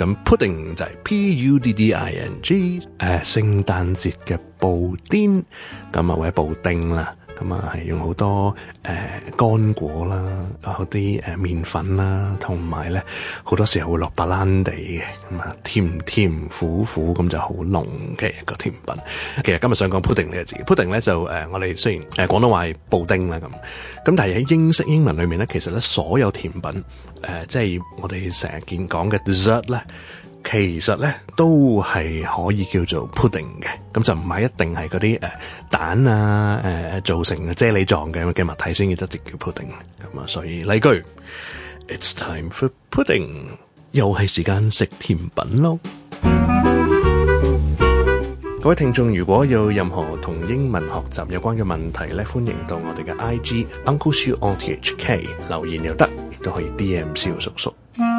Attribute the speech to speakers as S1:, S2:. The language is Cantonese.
S1: 咁 pudding 就係 p u d d i n g，誒、呃，聖誕節嘅布丁，咁啊或者布丁啦，咁啊係用好多誒、呃乾果啦，有啲誒麵粉啦，同埋咧，好多時候會落白蘭地嘅咁啊，甜甜苦苦咁就好濃嘅一個甜品。其實今日想講 pudding 呢個字，pudding 咧就誒、呃、我哋雖然誒、呃、廣東話係布丁啦咁，咁但係喺英式英文裡面咧，其實咧所有甜品誒、呃、即係我哋成日見講嘅 dessert 咧。其實咧都係可以叫做 pudding 嘅，咁就唔係一定係嗰啲誒蛋啊誒、呃、造成嘅啫喱狀嘅嘅物體先至得直叫 pudding，嗯。咁啊，所以例句，It's time for pudding，又係時間食甜品咯。各位聽眾如果有任何同英文學習有關嘅問題咧，歡迎到我哋嘅 IG Uncle Shiu on THK 留言又得，亦都可以 DM 小叔叔。